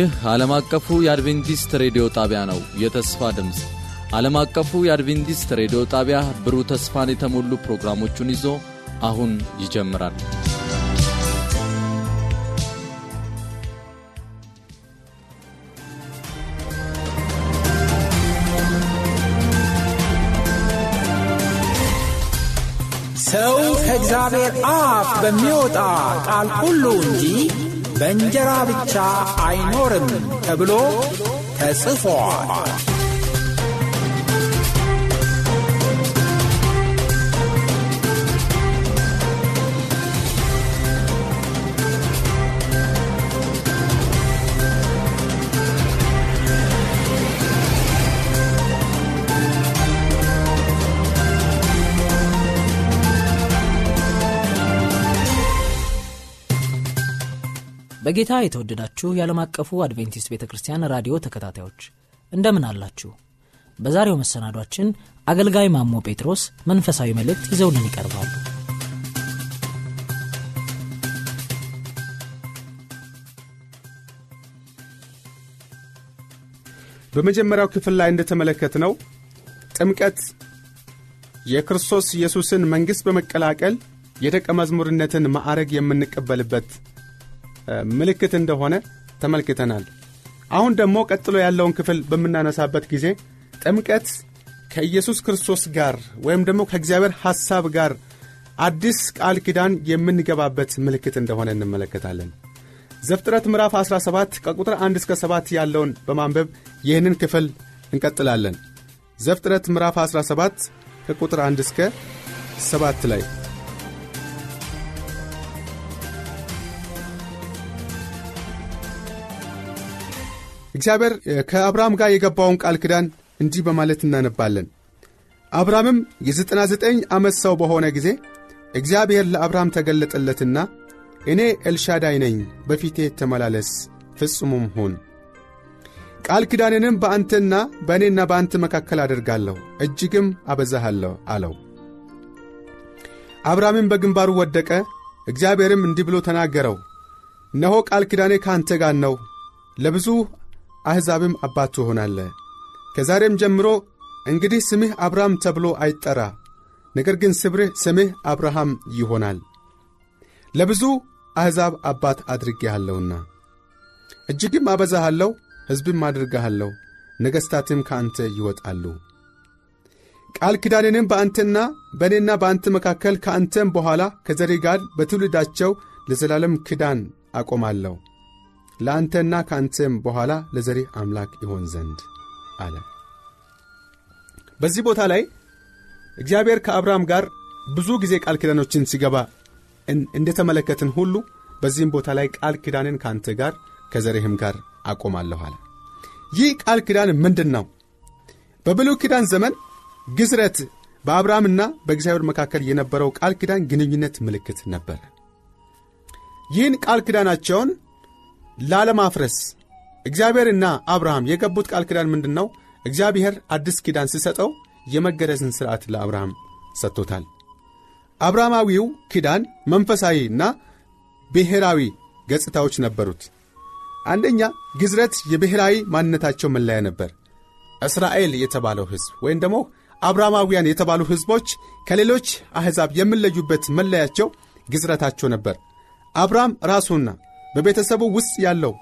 ይህ ዓለም አቀፉ የአድቬንቲስት ሬዲዮ ጣቢያ ነው። የተስፋ ድምፅ ዓለም አቀፉ የአድቬንቲስት ሬዲዮ ጣቢያ ብሩህ ተስፋን የተሞሉ ፕሮግራሞቹን ይዞ አሁን ይጀምራል። ሰው ከእግዚአብሔር አፍ በሚወጣ ቃል ሁሉ እንጂ በእንጀራ ብቻ አይኖርም ተብሎ ተጽፏል። በጌታ የተወደዳችሁ የዓለም አቀፉ አድቬንቲስት ቤተ ክርስቲያን ራዲዮ ተከታታዮች እንደምን አላችሁ? በዛሬው መሰናዷችን አገልጋይ ማሞ ጴጥሮስ መንፈሳዊ መልእክት ይዘውልን ይቀርባሉ። በመጀመሪያው ክፍል ላይ እንደተመለከትነው ጥምቀት የክርስቶስ ኢየሱስን መንግሥት በመቀላቀል የደቀ መዝሙርነትን ማዕረግ የምንቀበልበት ምልክት እንደሆነ ተመልክተናል። አሁን ደግሞ ቀጥሎ ያለውን ክፍል በምናነሳበት ጊዜ ጥምቀት ከኢየሱስ ክርስቶስ ጋር ወይም ደግሞ ከእግዚአብሔር ሐሳብ ጋር አዲስ ቃል ኪዳን የምንገባበት ምልክት እንደሆነ እንመለከታለን። ዘፍጥረት ምዕራፍ 17 ከቁጥር 1 እስከ 7 ያለውን በማንበብ ይህንን ክፍል እንቀጥላለን። ዘፍጥረት ምዕራፍ 17 ከቁጥር 1 እስከ 7 ላይ እግዚአብሔር ከአብርሃም ጋር የገባውን ቃል ክዳን እንዲህ በማለት እናነባለን። አብርሃምም የዘጠና ዘጠኝ ዓመት ሰው በሆነ ጊዜ እግዚአብሔር ለአብርሃም ተገለጠለትና እኔ ኤልሻዳይ ነኝ፣ በፊቴ ተመላለስ፣ ፍጹሙም ሁን ቃል ኪዳኔንም በአንተና በእኔና በአንተ መካከል አደርጋለሁ እጅግም አበዛሃለሁ አለው። አብርሃምም በግንባሩ ወደቀ። እግዚአብሔርም እንዲህ ብሎ ተናገረው፣ እነሆ ቃል ኪዳኔ ከአንተ ጋር ነው፣ ለብዙ አሕዛብም አባት ትሆናለህ። ከዛሬም ጀምሮ እንግዲህ ስምህ አብርሃም ተብሎ አይጠራ፣ ነገር ግን ስብርህ ስምህ አብርሃም ይሆናል፣ ለብዙ አሕዛብ አባት አድርጌሃለሁና እጅግም አበዛሃለሁ፣ ሕዝብም አድርግሃለሁ፣ ነገሥታትም ከአንተ ይወጣሉ። ቃል ኪዳኔንም በአንተና በእኔና በአንተ መካከል ከአንተም በኋላ ከዘሬ ጋር በትውልዳቸው ለዘላለም ኪዳን አቆማለሁ ለአንተና ከአንተም በኋላ ለዘሬህ አምላክ ይሆን ዘንድ አለ። በዚህ ቦታ ላይ እግዚአብሔር ከአብርሃም ጋር ብዙ ጊዜ ቃል ኪዳኖችን ሲገባ እንደተመለከትን ሁሉ በዚህም ቦታ ላይ ቃል ኪዳንን ከአንተ ጋር ከዘሬህም ጋር አቆማለሁ አለ። ይህ ቃል ኪዳን ምንድን ነው? በብሉ ኪዳን ዘመን ግዝረት በአብርሃምና በእግዚአብሔር መካከል የነበረው ቃል ኪዳን ግንኙነት ምልክት ነበረ። ይህን ቃል ኪዳናቸውን ላለማፍረስ እግዚአብሔርና አብርሃም የገቡት ቃል ኪዳን ምንድን ነው? እግዚአብሔር አዲስ ኪዳን ሲሰጠው የመገረዝን ሥርዓት ለአብርሃም ሰጥቶታል። አብርሃማዊው ኪዳን መንፈሳዊና ብሔራዊ ገጽታዎች ነበሩት። አንደኛ ግዝረት የብሔራዊ ማንነታቸው መለያ ነበር። እስራኤል የተባለው ሕዝብ ወይም ደግሞ አብርሃማውያን የተባሉ ሕዝቦች ከሌሎች አሕዛብ የሚለዩበት መለያቸው ግዝረታቸው ነበር። አብርሃም ራሱና በቤተሰቡ ውስጥ ያለው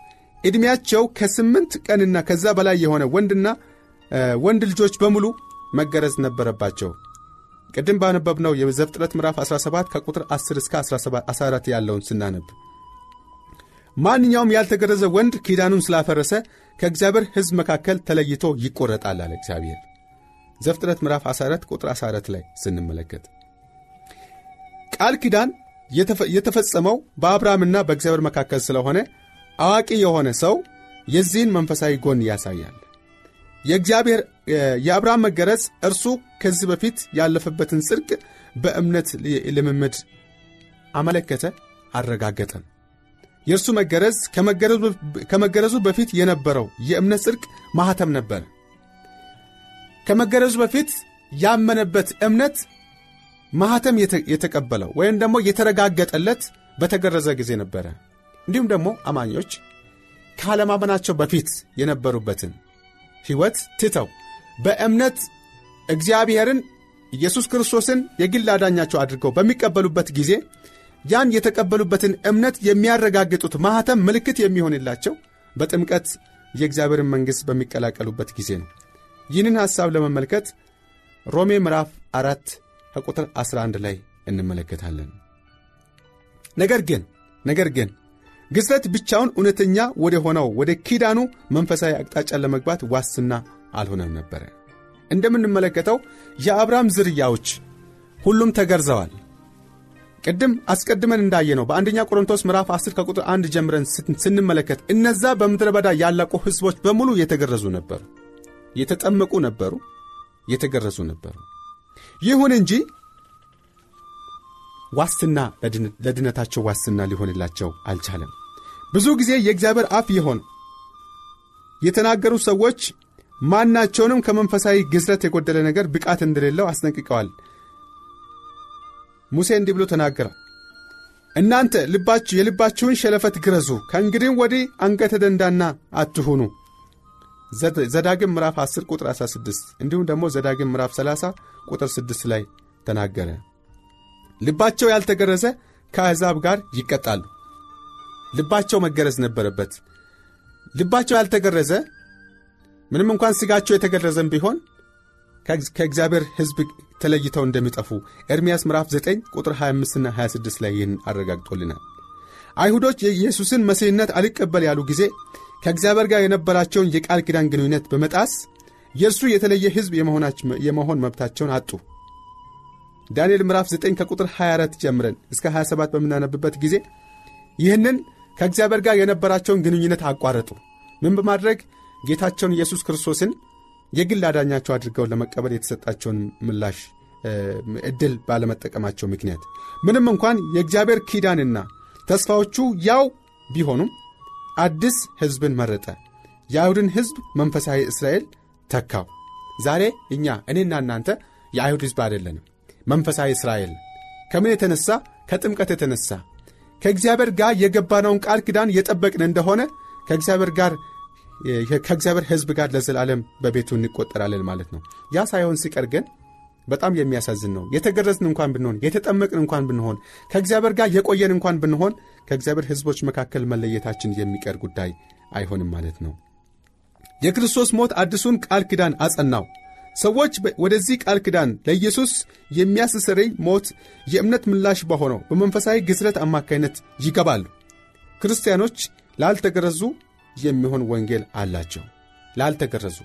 ዕድሜያቸው ከስምንት ቀንና ከዛ በላይ የሆነ ወንድና ወንድ ልጆች በሙሉ መገረዝ ነበረባቸው። ቅድም ባነበብነው የዘፍጥረት ምዕራፍ 17 ከቁጥር 10 እስከ 14 ያለውን ስናነብ ማንኛውም ያልተገረዘ ወንድ ኪዳኑን ስላፈረሰ ከእግዚአብሔር ሕዝብ መካከል ተለይቶ ይቆረጣል አለ እግዚአብሔር። ዘፍጥረት ምዕራፍ 14 ቁጥር 14 ላይ ስንመለከት ቃል ኪዳን የተፈጸመው በአብርሃምና በእግዚአብሔር መካከል ስለሆነ አዋቂ የሆነ ሰው የዚህን መንፈሳዊ ጎን ያሳያል። የእግዚአብሔር የአብርሃም መገረጽ እርሱ ከዚህ በፊት ያለፈበትን ጽድቅ በእምነት ልምምድ አመለከተ፣ አረጋገጠም። የእርሱ መገረዝ ከመገረዙ በፊት የነበረው የእምነት ጽድቅ ማኅተም ነበር። ከመገረዙ በፊት ያመነበት እምነት ማህተም የተቀበለው ወይም ደግሞ የተረጋገጠለት በተገረዘ ጊዜ ነበረ። እንዲሁም ደግሞ አማኞች ካለማመናቸው በፊት የነበሩበትን ሕይወት ትተው በእምነት እግዚአብሔርን ኢየሱስ ክርስቶስን የግል አዳኛቸው አድርገው በሚቀበሉበት ጊዜ ያን የተቀበሉበትን እምነት የሚያረጋግጡት ማኅተም ምልክት የሚሆንላቸው በጥምቀት የእግዚአብሔርን መንግሥት በሚቀላቀሉበት ጊዜ ነው። ይህንን ሐሳብ ለመመልከት ሮሜ ምዕራፍ አራት ከቁጥር 11 ላይ እንመለከታለን። ነገር ግን ነገር ግን ግዝረት ብቻውን እውነተኛ ወደ ሆነው ወደ ኪዳኑ መንፈሳዊ አቅጣጫን ለመግባት ዋስና አልሆነም ነበረ። እንደምንመለከተው የአብርሃም ዝርያዎች ሁሉም ተገርዘዋል። ቅድም አስቀድመን እንዳየነው በአንደኛ ቆሮንቶስ ምዕራፍ 10 ከቁጥር 1 ጀምረን ስንመለከት እነዛ በምድረ በዳ ያላቁ ሕዝቦች በሙሉ የተገረዙ ነበሩ፣ የተጠመቁ ነበሩ፣ የተገረዙ ነበሩ። ይሁን እንጂ ዋስትና ለድነታቸው ዋስትና ሊሆንላቸው አልቻለም። ብዙ ጊዜ የእግዚአብሔር አፍ የሆን የተናገሩ ሰዎች ማናቸውንም ከመንፈሳዊ ግዝረት የጎደለ ነገር ብቃት እንደሌለው አስጠንቅቀዋል። ሙሴ እንዲህ ብሎ ተናገረ። እናንተ ልባችሁ የልባችሁን ሸለፈት ግረዙ፣ ከእንግዲህም ወዲህ አንገተ ደንዳና አትሁኑ፣ ዘዳግም ምዕራፍ 10 ቁጥር 16 እንዲሁም ደግሞ ዘዳግም ምዕራፍ 30 ቁጥር 6 ላይ ተናገረ። ልባቸው ያልተገረዘ ከአሕዛብ ጋር ይቀጣሉ። ልባቸው መገረዝ ነበረበት። ልባቸው ያልተገረዘ ምንም እንኳን ሥጋቸው የተገረዘም ቢሆን ከእግዚአብሔር ሕዝብ ተለይተው እንደሚጠፉ ኤርምያስ ምዕራፍ 9 ቁጥር 25ና 26 ላይ ይህን አረጋግጦልናል። አይሁዶች የኢየሱስን መሲህነት አልቀበል ያሉ ጊዜ ከእግዚአብሔር ጋር የነበራቸውን የቃል ኪዳን ግንኙነት በመጣስ የእርሱ የተለየ ሕዝብ የመሆን መብታቸውን አጡ። ዳንኤል ምዕራፍ 9 ከቁጥር 24 ጀምረን እስከ 27 በምናነብበት ጊዜ ይህንን ከእግዚአብሔር ጋር የነበራቸውን ግንኙነት አቋረጡ። ምን በማድረግ ጌታቸውን ኢየሱስ ክርስቶስን የግል አዳኛቸው አድርገው ለመቀበል የተሰጣቸውን ምላሽ እድል ባለመጠቀማቸው ምክንያት ምንም እንኳን የእግዚአብሔር ኪዳንና ተስፋዎቹ ያው ቢሆኑም አዲስ ሕዝብን መረጠ። የአይሁድን ሕዝብ መንፈሳዊ እስራኤል ተካው። ዛሬ እኛ እኔና እናንተ የአይሁድ ሕዝብ አይደለንም፣ መንፈሳዊ እስራኤል። ከምን የተነሳ? ከጥምቀት የተነሳ ከእግዚአብሔር ጋር የገባነውን ቃል ኪዳን የጠበቅን እንደሆነ ከእግዚአብሔር ጋር ከእግዚአብሔር ሕዝብ ጋር ለዘላለም በቤቱ እንቆጠራለን ማለት ነው። ያ ሳይሆን ሲቀር ግን በጣም የሚያሳዝን ነው። የተገረዝን እንኳን ብንሆን የተጠመቅን እንኳን ብንሆን ከእግዚአብሔር ጋር የቆየን እንኳን ብንሆን ከእግዚአብሔር ሕዝቦች መካከል መለየታችን የሚቀር ጉዳይ አይሆንም ማለት ነው። የክርስቶስ ሞት አዲሱን ቃል ኪዳን አጸናው። ሰዎች ወደዚህ ቃል ኪዳን ለኢየሱስ የሚያስተሰርይ ሞት የእምነት ምላሽ በሆነው በመንፈሳዊ ግዝረት አማካይነት ይገባሉ። ክርስቲያኖች ላልተገረዙ የሚሆን ወንጌል አላቸው። ላልተገረዙ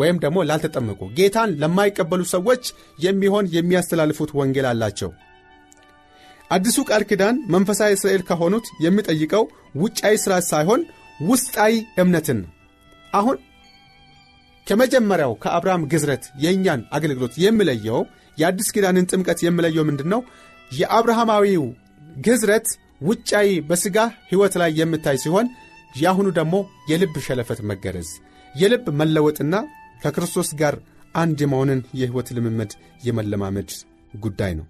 ወይም ደግሞ ላልተጠመቁ ጌታን ለማይቀበሉ ሰዎች የሚሆን የሚያስተላልፉት ወንጌል አላቸው። አዲሱ ቃል ኪዳን መንፈሳዊ እስራኤል ከሆኑት የሚጠይቀው ውጫዊ ሥራ ሳይሆን ውስጣዊ እምነትን አሁን ከመጀመሪያው ከአብርሃም ግዝረት የእኛን አገልግሎት የሚለየው የአዲስ ኪዳንን ጥምቀት የሚለየው ምንድን ነው? የአብርሃማዊው ግዝረት ውጫዊ በሥጋ ሕይወት ላይ የምታይ ሲሆን የአሁኑ ደግሞ የልብ ሸለፈት መገረዝ፣ የልብ መለወጥና ከክርስቶስ ጋር አንድ የመሆንን የሕይወት ልምምድ የመለማመድ ጉዳይ ነው።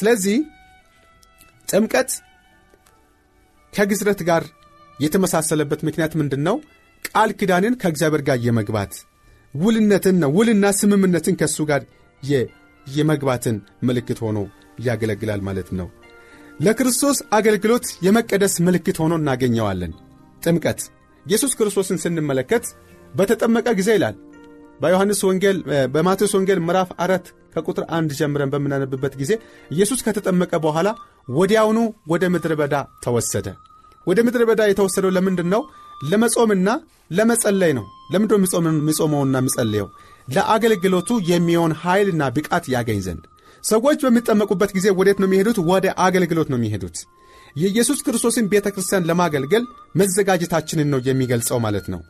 ስለዚህ ጥምቀት ከግዝረት ጋር የተመሳሰለበት ምክንያት ምንድን ነው? ቃል ኪዳንን ከእግዚአብሔር ጋር የመግባት ውልነትን ነው። ውልና ስምምነትን ከእሱ ጋር የመግባትን ምልክት ሆኖ ያገለግላል ማለት ነው። ለክርስቶስ አገልግሎት የመቀደስ ምልክት ሆኖ እናገኘዋለን። ጥምቀት ኢየሱስ ክርስቶስን ስንመለከት በተጠመቀ ጊዜ ይላል በዮሐንስ ወንጌል በማቴዎስ ወንጌል ምዕራፍ አራት ከቁጥር አንድ ጀምረን በምናነብበት ጊዜ ኢየሱስ ከተጠመቀ በኋላ ወዲያውኑ ወደ ምድረ በዳ ተወሰደ። ወደ ምድረ በዳ የተወሰደው ለምንድን ነው? ለመጾምና ለመጸለይ ነው። ለምንድ የሚጾመውና የሚጸለየው? ለአገልግሎቱ የሚሆን ኃይልና ብቃት ያገኝ ዘንድ። ሰዎች በሚጠመቁበት ጊዜ ወዴት ነው የሚሄዱት? ወደ አገልግሎት ነው የሚሄዱት። የኢየሱስ ክርስቶስን ቤተ ክርስቲያን ለማገልገል መዘጋጀታችንን ነው የሚገልጸው ማለት ነው።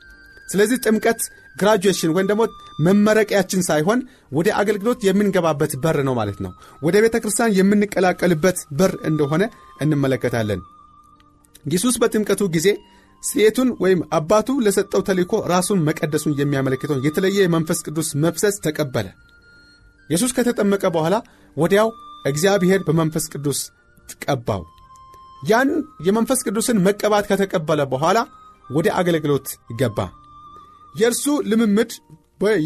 ስለዚህ ጥምቀት ግራጁዌሽን ወይም ደግሞ መመረቂያችን ሳይሆን ወደ አገልግሎት የምንገባበት በር ነው ማለት ነው። ወደ ቤተ ክርስቲያን የምንቀላቀልበት በር እንደሆነ እንመለከታለን። ኢየሱስ በጥምቀቱ ጊዜ ሴቱን ወይም አባቱ ለሰጠው ተልእኮ ራሱን መቀደሱን የሚያመለክተውን የተለየ የመንፈስ ቅዱስ መፍሰስ ተቀበለ። ኢየሱስ ከተጠመቀ በኋላ ወዲያው እግዚአብሔር በመንፈስ ቅዱስ ቀባው። ያን የመንፈስ ቅዱስን መቀባት ከተቀበለ በኋላ ወደ አገልግሎት ገባ። የእርሱ ልምምድ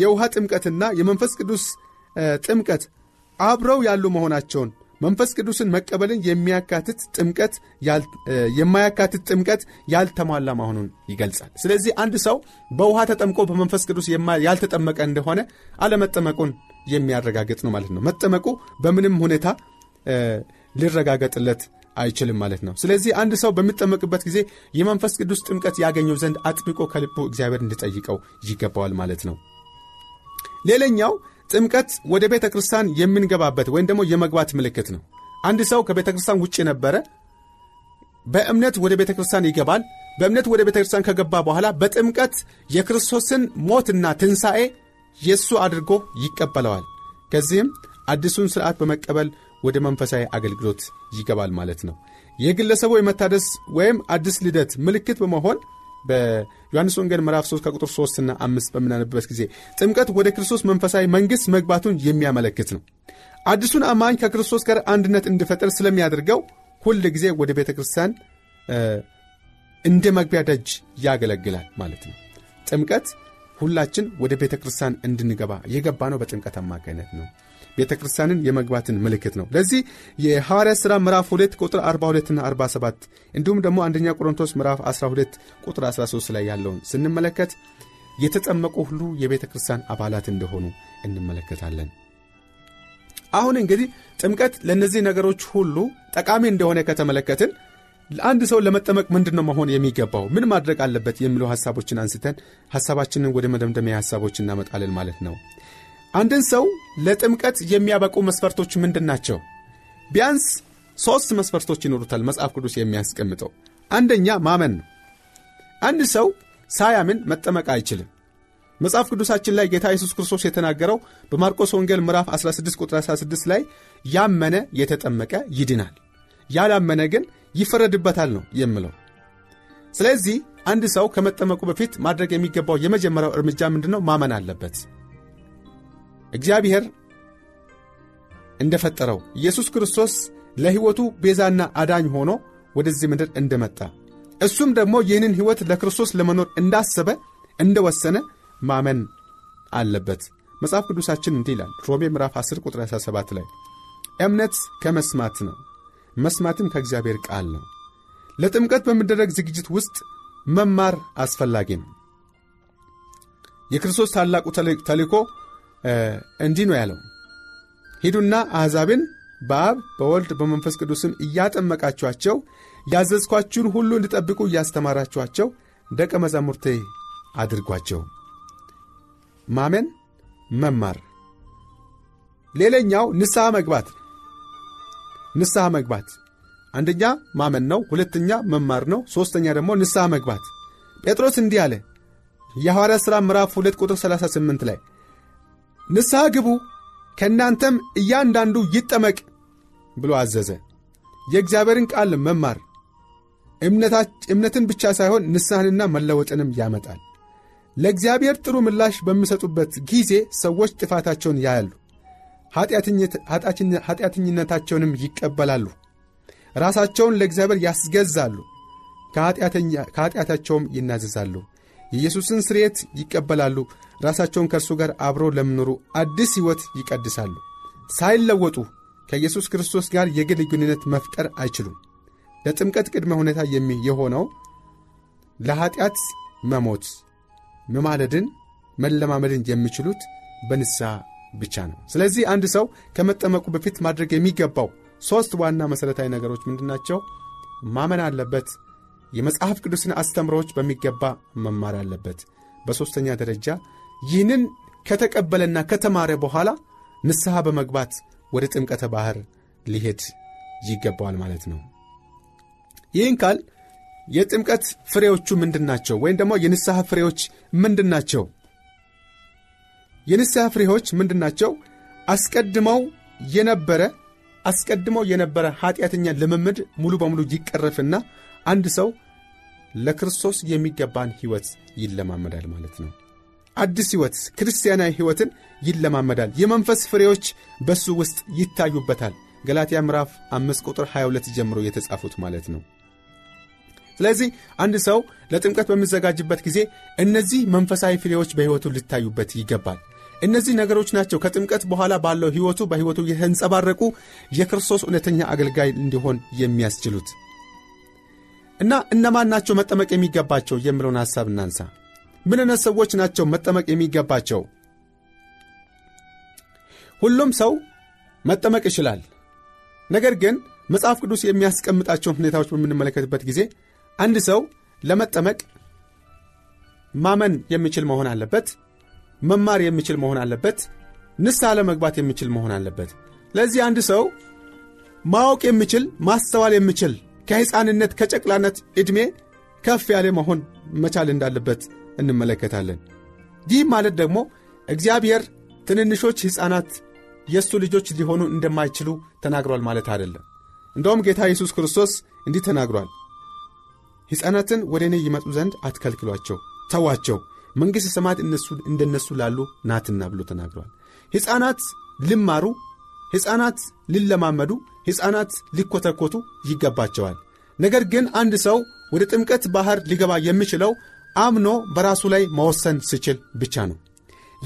የውሃ ጥምቀትና የመንፈስ ቅዱስ ጥምቀት አብረው ያሉ መሆናቸውን መንፈስ ቅዱስን መቀበልን የሚያካትት ጥምቀት የማያካትት ጥምቀት ያልተሟላ መሆኑን ይገልጻል። ስለዚህ አንድ ሰው በውሃ ተጠምቆ በመንፈስ ቅዱስ ያልተጠመቀ እንደሆነ አለመጠመቁን የሚያረጋግጥ ነው ማለት ነው። መጠመቁ በምንም ሁኔታ ሊረጋገጥለት አይችልም ማለት ነው። ስለዚህ አንድ ሰው በሚጠመቅበት ጊዜ የመንፈስ ቅዱስ ጥምቀት ያገኘው ዘንድ አጥብቆ ከልቡ እግዚአብሔር እንዲጠይቀው ይገባዋል ማለት ነው። ሌለኛው ጥምቀት ወደ ቤተ ክርስቲያን የምንገባበት ወይም ደግሞ የመግባት ምልክት ነው። አንድ ሰው ከቤተ ክርስቲያን ውጭ ነበረ፣ በእምነት ወደ ቤተ ክርስቲያን ይገባል። በእምነት ወደ ቤተ ክርስቲያን ከገባ በኋላ በጥምቀት የክርስቶስን ሞትና ትንሣኤ የእሱ አድርጎ ይቀበለዋል። ከዚህም አዲሱን ስርዓት በመቀበል ወደ መንፈሳዊ አገልግሎት ይገባል ማለት ነው። የግለሰቡ የመታደስ ወይም አዲስ ልደት ምልክት በመሆን በዮሐንስ ወንጌል ምዕራፍ 3 ከቁጥር 3 እና 5 በምናነብበት ጊዜ ጥምቀት ወደ ክርስቶስ መንፈሳዊ መንግሥት መግባቱን የሚያመለክት ነው። አዲሱን አማኝ ከክርስቶስ ጋር አንድነት እንዲፈጠር ስለሚያደርገው ሁል ጊዜ ወደ ቤተ ክርስቲያን እንደ መግቢያ ደጅ ያገለግላል ማለት ነው። ጥምቀት ሁላችን ወደ ቤተ ክርስቲያን እንድንገባ የገባ ነው። በጥምቀት አማካኝነት ነው። ቤተ ክርስቲያንን የመግባትን ምልክት ነው። ለዚህ የሐዋርያ ሥራ ምዕራፍ 2 ቁጥር 42ና 47 እንዲሁም ደግሞ አንደኛ ቆሮንቶስ ምዕራፍ 12 ቁጥር 13 ላይ ያለውን ስንመለከት የተጠመቁ ሁሉ የቤተ ክርስቲያን አባላት እንደሆኑ እንመለከታለን። አሁን እንግዲህ ጥምቀት ለእነዚህ ነገሮች ሁሉ ጠቃሚ እንደሆነ ከተመለከትን አንድ ሰው ለመጠመቅ ምንድን ነው መሆን የሚገባው? ምን ማድረግ አለበት? የሚለው ሐሳቦችን አንስተን ሐሳባችንን ወደ መደምደሚያ ሐሳቦች እናመጣለን ማለት ነው። አንድን ሰው ለጥምቀት የሚያበቁ መስፈርቶች ምንድን ናቸው? ቢያንስ ሦስት መስፈርቶች ይኖሩታል መጽሐፍ ቅዱስ የሚያስቀምጠው። አንደኛ ማመን ነው። አንድ ሰው ሳያምን መጠመቅ አይችልም። መጽሐፍ ቅዱሳችን ላይ ጌታ ኢየሱስ ክርስቶስ የተናገረው በማርቆስ ወንጌል ምዕራፍ 16 ቁጥር 16 ላይ ያመነ የተጠመቀ ይድናል፣ ያላመነ ግን ይፈረድበታል ነው የምለው። ስለዚህ አንድ ሰው ከመጠመቁ በፊት ማድረግ የሚገባው የመጀመሪያው እርምጃ ምንድን ነው? ማመን አለበት። እግዚአብሔር እንደፈጠረው ኢየሱስ ክርስቶስ ለሕይወቱ ቤዛና አዳኝ ሆኖ ወደዚህ ምድር እንደመጣ እሱም ደግሞ ይህንን ሕይወት ለክርስቶስ ለመኖር እንዳሰበ እንደወሰነ ማመን አለበት። መጽሐፍ ቅዱሳችን እንዲህ ይላል ሮሜ ምዕራፍ 10 ቁጥር 17 ላይ እምነት ከመስማት ነው፣ መስማትም ከእግዚአብሔር ቃል ነው። ለጥምቀት በሚደረግ ዝግጅት ውስጥ መማር አስፈላጊ ነው። የክርስቶስ ታላቁ ተልኮ እንዲህ ነው ያለው፣ ሂዱና አሕዛብን በአብ በወልድ በመንፈስ ቅዱስም እያጠመቃችኋቸው ያዘዝኳችሁን ሁሉ እንዲጠብቁ እያስተማራችኋቸው ደቀ መዛሙርቴ አድርጓቸው። ማመን መማር። ሌላኛው ንስሐ መግባት ንስሐ መግባት አንደኛ ማመን ነው፣ ሁለተኛ መማር ነው፣ ሦስተኛ ደግሞ ንስሐ መግባት። ጴጥሮስ እንዲህ አለ የሐዋርያ ሥራ ምዕራፍ 2 ቁጥር 38 ላይ ንስሐ ግቡ ከእናንተም እያንዳንዱ ይጠመቅ ብሎ አዘዘ። የእግዚአብሔርን ቃል መማር እምነትን ብቻ ሳይሆን ንስሐንና መለወጥንም ያመጣል። ለእግዚአብሔር ጥሩ ምላሽ በሚሰጡበት ጊዜ ሰዎች ጥፋታቸውን ያያሉ፣ ኀጢአተኝነታቸውንም ይቀበላሉ፣ ራሳቸውን ለእግዚአብሔር ያስገዛሉ፣ ከኀጢአታቸውም ይናዘዛሉ፣ የኢየሱስን ስርየት ይቀበላሉ፣ ራሳቸውን ከእርሱ ጋር አብረው ለሚኖሩ አዲስ ሕይወት ይቀድሳሉ። ሳይለወጡ ከኢየሱስ ክርስቶስ ጋር የግል ግንኙነት መፍጠር አይችሉም። ለጥምቀት ቅድመ ሁኔታ የሆነው ለኀጢአት መሞት መማለድን መለማመድን የሚችሉት በንስሐ ብቻ ነው። ስለዚህ አንድ ሰው ከመጠመቁ በፊት ማድረግ የሚገባው ሦስት ዋና መሠረታዊ ነገሮች ምንድናቸው? ማመን አለበት። የመጽሐፍ ቅዱስን አስተምሮዎች በሚገባ መማር አለበት። በሦስተኛ ደረጃ ይህንን ከተቀበለና ከተማረ በኋላ ንስሐ በመግባት ወደ ጥምቀተ ባህር ሊሄድ ይገባዋል ማለት ነው። ይህን ካል የጥምቀት ፍሬዎቹ ምንድን ናቸው? ወይም ደግሞ የንስሐ ፍሬዎች ምንድን ናቸው? የንስሐ ፍሬዎች ምንድን ናቸው? አስቀድመው የነበረ አስቀድመው የነበረ ኀጢአተኛ ልምምድ ሙሉ በሙሉ ይቀረፍና አንድ ሰው ለክርስቶስ የሚገባን ሕይወት ይለማመዳል ማለት ነው። አዲስ ሕይወት ክርስቲያናዊ ሕይወትን ይለማመዳል። የመንፈስ ፍሬዎች በሱ ውስጥ ይታዩበታል። ገላትያ ምዕራፍ 5 ቁጥር 22 ጀምሮ የተጻፉት ማለት ነው። ስለዚህ አንድ ሰው ለጥምቀት በሚዘጋጅበት ጊዜ እነዚህ መንፈሳዊ ፍሬዎች በሕይወቱ ሊታዩበት ይገባል። እነዚህ ነገሮች ናቸው ከጥምቀት በኋላ ባለው ሕይወቱ በሕይወቱ የተንጸባረቁ የክርስቶስ እውነተኛ አገልጋይ እንዲሆን የሚያስችሉት እና እነማን ናቸው መጠመቅ የሚገባቸው የሚለውን ሐሳብ እናንሳ። ምን አይነት ሰዎች ናቸው መጠመቅ የሚገባቸው? ሁሉም ሰው መጠመቅ ይችላል። ነገር ግን መጽሐፍ ቅዱስ የሚያስቀምጣቸውን ሁኔታዎች በምንመለከትበት ጊዜ አንድ ሰው ለመጠመቅ ማመን የሚችል መሆን አለበት፣ መማር የሚችል መሆን አለበት፣ ንስሐ ለመግባት የሚችል መሆን አለበት። ለዚህ አንድ ሰው ማወቅ የሚችል ማስተዋል የሚችል ከሕፃንነት ከጨቅላነት ዕድሜ ከፍ ያለ መሆን መቻል እንዳለበት እንመለከታለን። ይህ ማለት ደግሞ እግዚአብሔር ትንንሾች ሕፃናት የእሱ ልጆች ሊሆኑ እንደማይችሉ ተናግሯል ማለት አይደለም። እንደውም ጌታ ኢየሱስ ክርስቶስ እንዲህ ተናግሯል፣ ሕፃናትን ወደ እኔ ይመጡ ዘንድ አትከልክሏቸው፣ ተዋቸው፣ መንግሥተ ሰማያት እንደነሱ ላሉ ናትና ብሎ ተናግሯል። ሕፃናት ሊማሩ፣ ሕፃናት ሊለማመዱ፣ ሕፃናት ሊኮተኮቱ ይገባቸዋል። ነገር ግን አንድ ሰው ወደ ጥምቀት ባሕር ሊገባ የሚችለው አምኖ በራሱ ላይ መወሰን ስችል ብቻ ነው።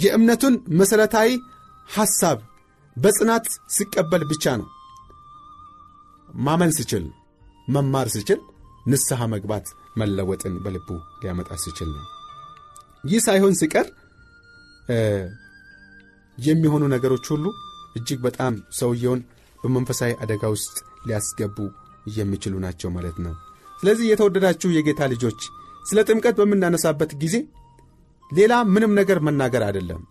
የእምነቱን መሠረታዊ ሐሳብ በጽናት ሲቀበል ብቻ ነው። ማመን ስችል መማር ስችል ንስሐ መግባት መለወጥን በልቡ ሊያመጣ ስችል ነው። ይህ ሳይሆን ሲቀር የሚሆኑ ነገሮች ሁሉ እጅግ በጣም ሰውየውን በመንፈሳዊ አደጋ ውስጥ ሊያስገቡ የሚችሉ ናቸው ማለት ነው። ስለዚህ የተወደዳችሁ የጌታ ልጆች ስለ ጥምቀት በምናነሳበት ጊዜ ሌላ ምንም ነገር መናገር አይደለም።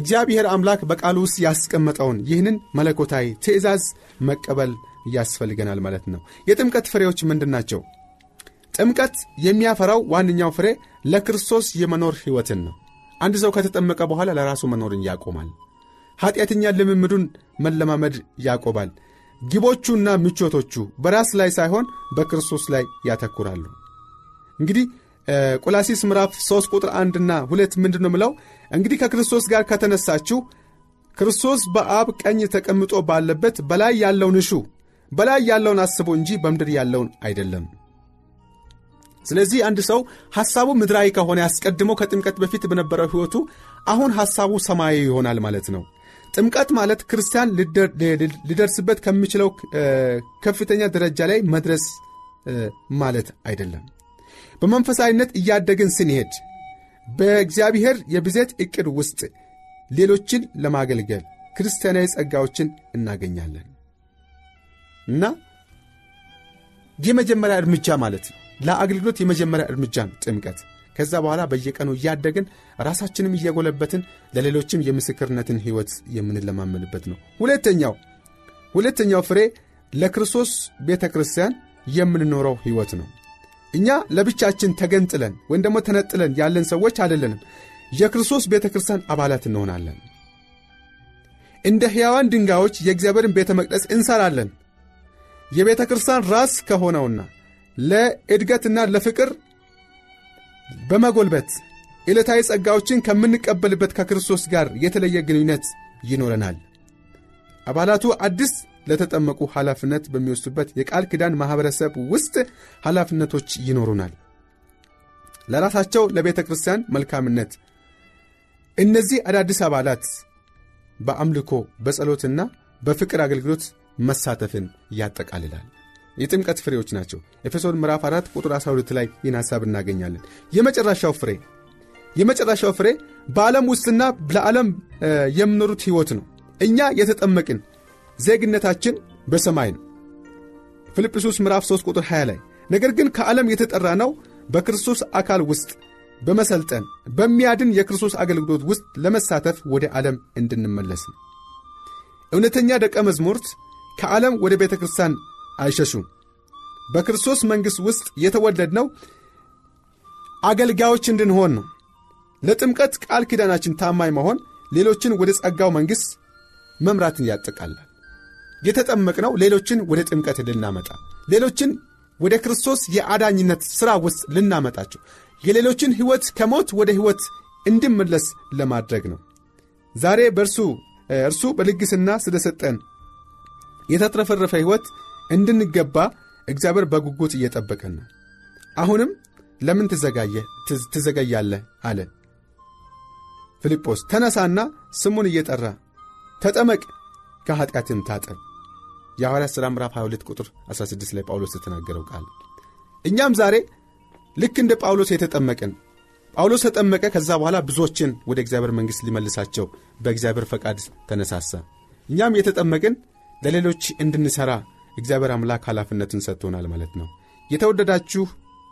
እግዚአብሔር አምላክ በቃሉ ውስጥ ያስቀመጠውን ይህንን መለኮታዊ ትእዛዝ መቀበል ያስፈልገናል ማለት ነው። የጥምቀት ፍሬዎች ምንድን ናቸው? ጥምቀት የሚያፈራው ዋነኛው ፍሬ ለክርስቶስ የመኖር ሕይወትን ነው። አንድ ሰው ከተጠመቀ በኋላ ለራሱ መኖርን ያቆማል። ኀጢአተኛ ልምምዱን መለማመድ ያቆባል ግቦቹና ምቾቶቹ በራስ ላይ ሳይሆን በክርስቶስ ላይ ያተኩራሉ። እንግዲህ ቆላሲስ ምዕራፍ 3 ቁጥር 1 እና 2 ምንድ ነው የምለው? እንግዲህ ከክርስቶስ ጋር ከተነሳችሁ ክርስቶስ በአብ ቀኝ ተቀምጦ ባለበት በላይ ያለውን እሹ በላይ ያለውን አስቦ እንጂ በምድር ያለውን አይደለም። ስለዚህ አንድ ሰው ሐሳቡ ምድራዊ ከሆነ አስቀድሞ ከጥምቀት በፊት በነበረው ሕይወቱ አሁን ሐሳቡ ሰማያዊ ይሆናል ማለት ነው። ጥምቀት ማለት ክርስቲያን ሊደርስበት ከሚችለው ከፍተኛ ደረጃ ላይ መድረስ ማለት አይደለም። በመንፈሳዊነት እያደግን ስንሄድ በእግዚአብሔር የብዜት ዕቅድ ውስጥ ሌሎችን ለማገልገል ክርስቲያናዊ ጸጋዎችን እናገኛለን እና የመጀመሪያ እርምጃ ማለት ነው። ለአገልግሎት የመጀመሪያ እርምጃ ጥምቀት። ከዛ በኋላ በየቀኑ እያደግን ራሳችንም እየጎለበትን ለሌሎችም የምስክርነትን ሕይወት የምንለማመልበት ነው። ሁለተኛው ሁለተኛው ፍሬ ለክርስቶስ ቤተ ክርስቲያን የምንኖረው ሕይወት ነው። እኛ ለብቻችን ተገንጥለን ወይም ደግሞ ተነጥለን ያለን ሰዎች አይደለንም። የክርስቶስ ቤተ ክርስቲያን አባላት እንሆናለን። እንደ ሕያዋን ድንጋዮች የእግዚአብሔርን ቤተ መቅደስ እንሠራለን። የቤተ ክርስቲያን ራስ ከሆነውና ለእድገትና ለፍቅር በመጎልበት ዕለታዊ ጸጋዎችን ከምንቀበልበት ከክርስቶስ ጋር የተለየ ግንኙነት ይኖረናል። አባላቱ አዲስ ለተጠመቁ ኃላፊነት በሚወስዱበት የቃል ኪዳን ማኅበረሰብ ውስጥ ኃላፊነቶች ይኖሩናል። ለራሳቸው ለቤተ ክርስቲያን መልካምነት እነዚህ አዳዲስ አባላት በአምልኮ በጸሎትና በፍቅር አገልግሎት መሳተፍን ያጠቃልላል። የጥምቀት ፍሬዎች ናቸው። ኤፌሶን ምዕራፍ 4 ቁጥር 12 ላይ ይህን ሐሳብ እናገኛለን። የመጨረሻው ፍሬ የመጨረሻው ፍሬ በዓለም ውስጥና ለዓለም የምኖሩት ሕይወት ነው። እኛ የተጠመቅን ዜግነታችን በሰማይ ነው። ፊልጵስዩስ ምዕራፍ 3 ቁጥር 20 ላይ ነገር ግን ከዓለም የተጠራ ነው በክርስቶስ አካል ውስጥ በመሰልጠን በሚያድን የክርስቶስ አገልግሎት ውስጥ ለመሳተፍ ወደ ዓለም እንድንመለስ ነው። እውነተኛ ደቀ መዝሙርት ከዓለም ወደ ቤተ ክርስቲያን አይሸሹም። በክርስቶስ መንግሥት ውስጥ የተወለድነው አገልጋዮች እንድንሆን ነው። ለጥምቀት ቃል ኪዳናችን ታማኝ መሆን ሌሎችን ወደ ጸጋው መንግሥት መምራትን ያጠቃላል። የተጠመቅነው ሌሎችን ወደ ጥምቀት ልናመጣ ሌሎችን ወደ ክርስቶስ የአዳኝነት ሥራ ውስጥ ልናመጣቸው የሌሎችን ሕይወት ከሞት ወደ ሕይወት እንድመለስ ለማድረግ ነው። ዛሬ በእርሱ እርሱ በልግስና ስለሰጠን የተትረፈረፈ ሕይወት እንድንገባ እግዚአብሔር በጉጉት እየጠበቀን ነው። አሁንም ለምን ትዘጋየ ትዘገያለህ አለ ፊልጶስ። ተነሳና ስሙን እየጠራ ተጠመቅ ከኀጢአትም ታጠብ የሐዋርያ ሥራ ምዕራፍ 22 ቁጥር 16 ላይ ጳውሎስ የተናገረው ቃል እኛም ዛሬ ልክ እንደ ጳውሎስ የተጠመቅን ጳውሎስ ተጠመቀ ከዛ በኋላ ብዙዎችን ወደ እግዚአብሔር መንግሥት ሊመልሳቸው በእግዚአብሔር ፈቃድ ተነሳሳ እኛም የተጠመቅን ለሌሎች እንድንሠራ እግዚአብሔር አምላክ ኃላፊነትን ሰጥቶናል ማለት ነው የተወደዳችሁ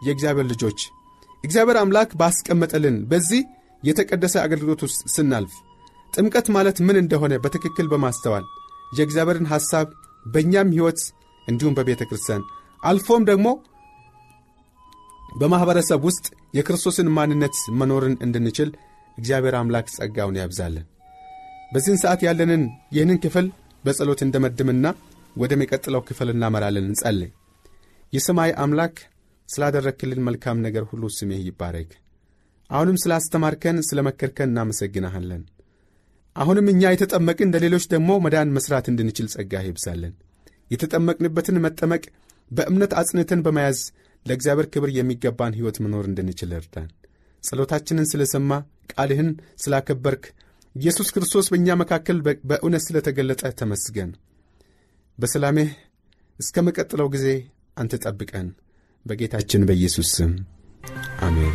የእግዚአብሔር ልጆች እግዚአብሔር አምላክ ባስቀመጠልን በዚህ የተቀደሰ አገልግሎት ውስጥ ስናልፍ ጥምቀት ማለት ምን እንደሆነ በትክክል በማስተዋል የእግዚአብሔርን ሐሳብ በእኛም ሕይወት እንዲሁም በቤተ ክርስቲያን አልፎም ደግሞ በማኅበረሰብ ውስጥ የክርስቶስን ማንነት መኖርን እንድንችል እግዚአብሔር አምላክ ጸጋውን ያብዛልን። በዚህን ሰዓት ያለንን ይህንን ክፍል በጸሎት እንደመድምና ወደሚቀጥለው ክፍል እናመራለን። እንጸልይ። የሰማይ አምላክ ስላደረክልን መልካም ነገር ሁሉ ስሜህ ይባረክ። አሁንም ስላስተማርከን ስለ መከርከን እናመሰግናሃለን። አሁንም እኛ የተጠመቅን ለሌሎች ደግሞ መዳን መሥራት እንድንችል ጸጋ ይብዛለን። የተጠመቅንበትን መጠመቅ በእምነት አጽንተን በመያዝ ለእግዚአብሔር ክብር የሚገባን ሕይወት መኖር እንድንችል እርዳን። ጸሎታችንን ስለ ሰማ ቃልህን ስላከበርክ ኢየሱስ ክርስቶስ በእኛ መካከል በእውነት ስለ ተገለጠ ተመስገን። በሰላሜህ እስከ መቀጥለው ጊዜ አንተ ጠብቀን። በጌታችን በኢየሱስ ስም አሜን።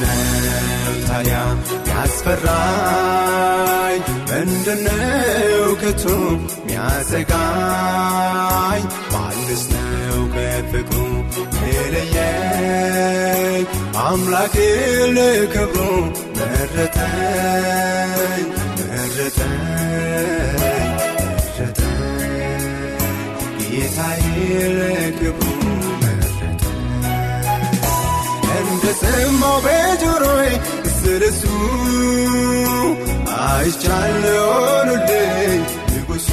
ነው ታዲያ ያስፈራኝ? ምንድነው ከቶ ሚያሰጋኝ? ማንስ ነው የለየኝ? አምላኬ ለክብሩ መረጠኝ መረጠኝ መረጠኝ ጌታዬ ለክብሩ የሰማው በጆሮዬ ስለሱ አይቻለው ኑልኝ ንጉሱ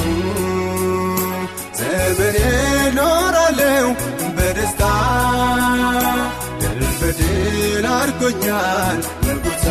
ዘመኔ ኖራለው በደስታ ድል በድል ንጉሳ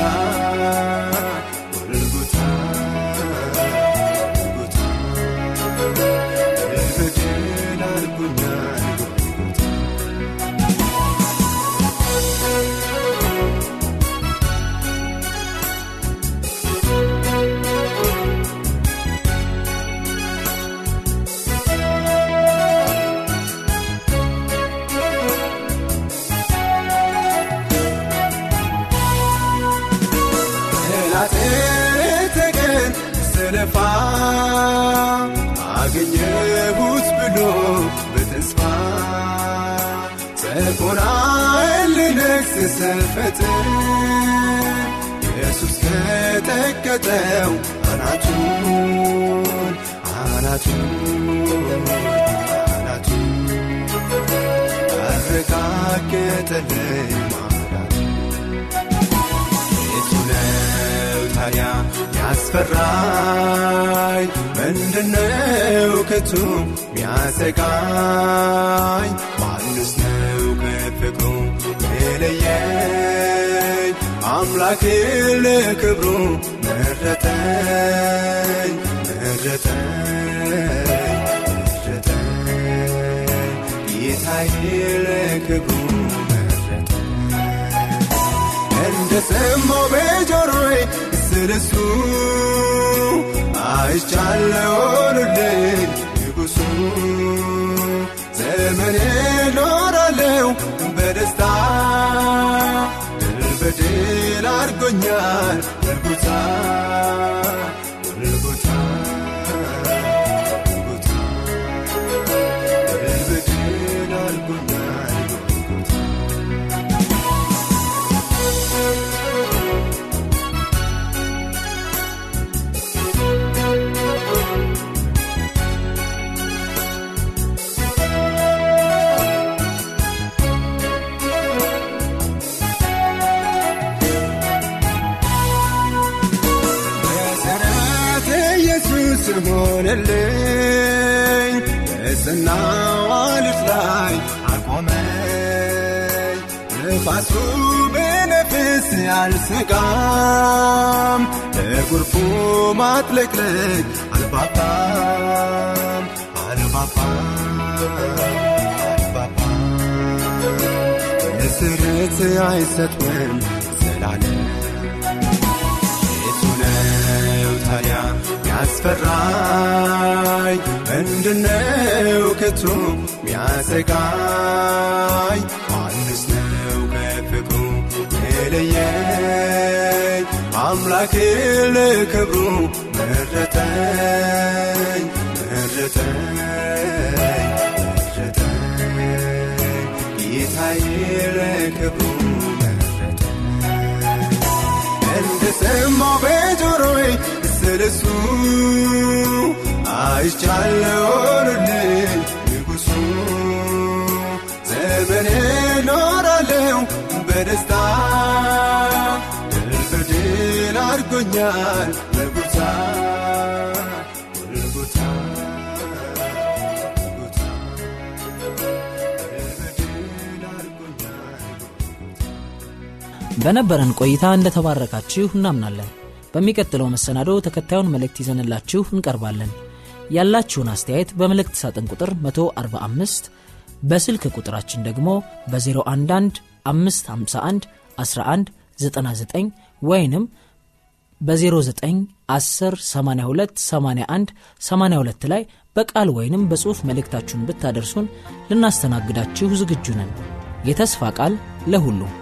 አገኘሁት ብሎ በተስፋ ጥቁር ልነግስ ስፈጥር ኢየሱስ ከጠቀጠው አናቱን አናቱን አናቱን አረጋገጠልኝ ቤቱ ነው ታዲያ ያስፈራኝ ምንድነው ከቱ ሚያሰጋኝ ማንስ ነው ከፍቅሩ የለየኝ አምላክ ለክብሩ መረጠኝ መረጠኝ መረጠኝ ለክብሩ የሰማው በጆሮዬ ስለሱ አይቻለው ልቤ ንጉሱ ዘመኔ ኖራለው በደስታ ድል በድል አድርጎኛል በርጉታ ያድርግልኝ በዝናው አለት ላይ አቆመኝ ንፋሱ በነፍስ አልሰጋም ለጎርፉ ማጥለቅለቅ አልባባም አልባባም አልባባም መሰረት አይሰጥም ዘላለም የቱ ነው ታዲያ ያስፈራኝ ምንድነው ከቶ ሚያሰቃይ ማንስ ነው በፍቅሩ የለየኝ አምላክ ለክብሩ መረጠኝ መረጠኝ መረጠኝ ጌታዬ ለክብሩ መረጠኝ እንደሰማሁ በጆሮዬ ተነሱ አይቻለው ርድል ንጉሱ ዘመኔ ኖራለው በደስታ ድል አድርጎኛል በጉታ በነበረን ቆይታ እንደተባረካችሁ እናምናለን በሚቀጥለው መሰናዶ ተከታዩን መልእክት ይዘንላችሁ እንቀርባለን። ያላችሁን አስተያየት በመልእክት ሳጥን ቁጥር 145 በስልክ ቁጥራችን ደግሞ በ 011551 1199 ወይንም በ 0910828182 82 ላይ በቃል ወይንም በጽሑፍ መልእክታችሁን ብታደርሱን ልናስተናግዳችሁ ዝግጁ ነን። የተስፋ ቃል ለሁሉም